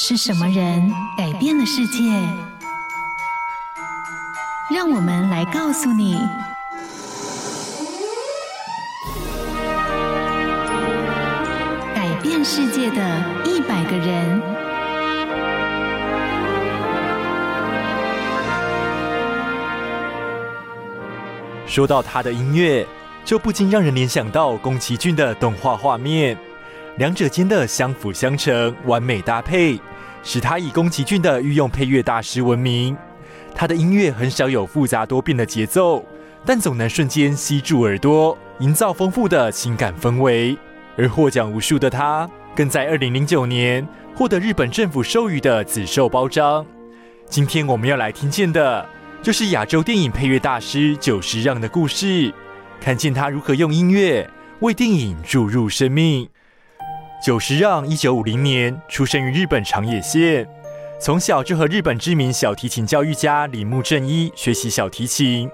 是什麼人改變了世界？讓我們來告訴你：改變世界的一百個人。說到他的音樂，就不禁讓人聯想到宮崎駿的動畫畫面。兩者間的相輔相成、完美搭配，使他以宮崎駿的御用配樂大師聞名。他的音樂很少有複雜多變的節奏，但總能瞬間吸住耳朵，營造豐富的情感氛圍。而獲獎無數的他，更在2009年獲得日本政府授予的紫綬褒章。今天我們要來聽見的，就是亞洲電影配樂大師久石讓的故事，看見他如何用音樂為電影注入生命。久石讓，一九五零年出生於日本長野縣，從小就和日本知名小提琴教育家鈴木正一學習小提琴。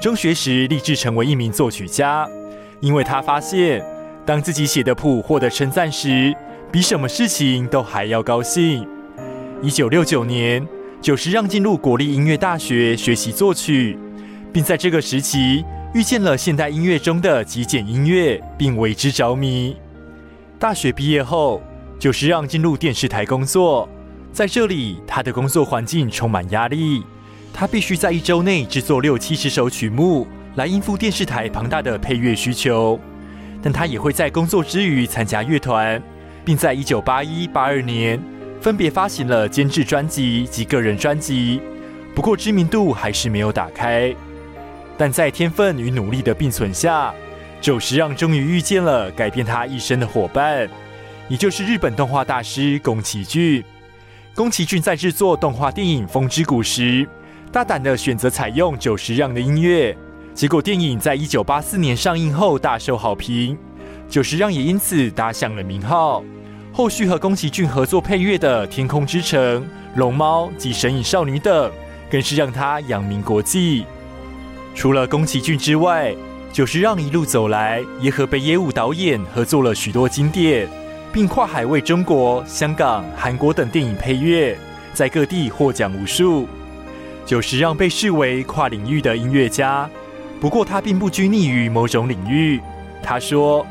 中學時立志成為一名作曲家，因為他發現當自己寫的譜獲得稱讚時，比什麼事情都還要高興。一九六九年，久石讓進入國立音樂大學學習作曲，並在這個時期遇見了現代音樂中的極簡音樂，並為之着迷。大學畢業後，久石讓進入電視台工作。在這裡，他的工作環境充滿壓力，他必須在一週內製作六七十首曲目，來應付電視台龐大的配樂需求。但他也會在工作之餘參加樂團，並在一九八一、八二年分別發行了監製專輯及個人專輯。不過知名度還是沒有打開，但在天分與努力的並存下。久石讓終於遇見了改變他一生的夥伴，也就是日本動畫大師宮崎駿。宮崎駿在制作動畫電影《風之谷》時，大膽的選擇採用久石讓的音樂，結果電影在一九八四年上映後大受好評，久石讓也因此打響了名號。後續和宮崎駿合作配樂的《天空之城》、《龍貓》及《神隱少女》等，更是讓他揚名國際。除了宮崎駿之外，久石讓一路走來，也和北野武導演合作了許多經典，並跨海為中國、香港、韓國等電影配樂，在各地獲獎無數。久石讓被視為跨領域的音樂家，不過他並不拘泥於某種領域。他說：“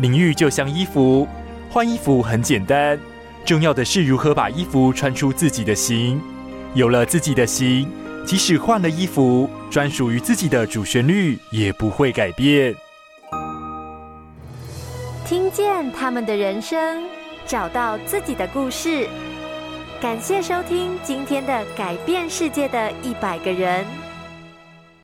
領域就像衣服，換衣服很簡單，重要的是如何把衣服穿出自己的型，有了自己的型。”即使換了衣服，專屬於自己的主旋律也不會改變。聽見他們的人生，找到自己的故事。感謝收聽今天的《改變世界的一百個人》。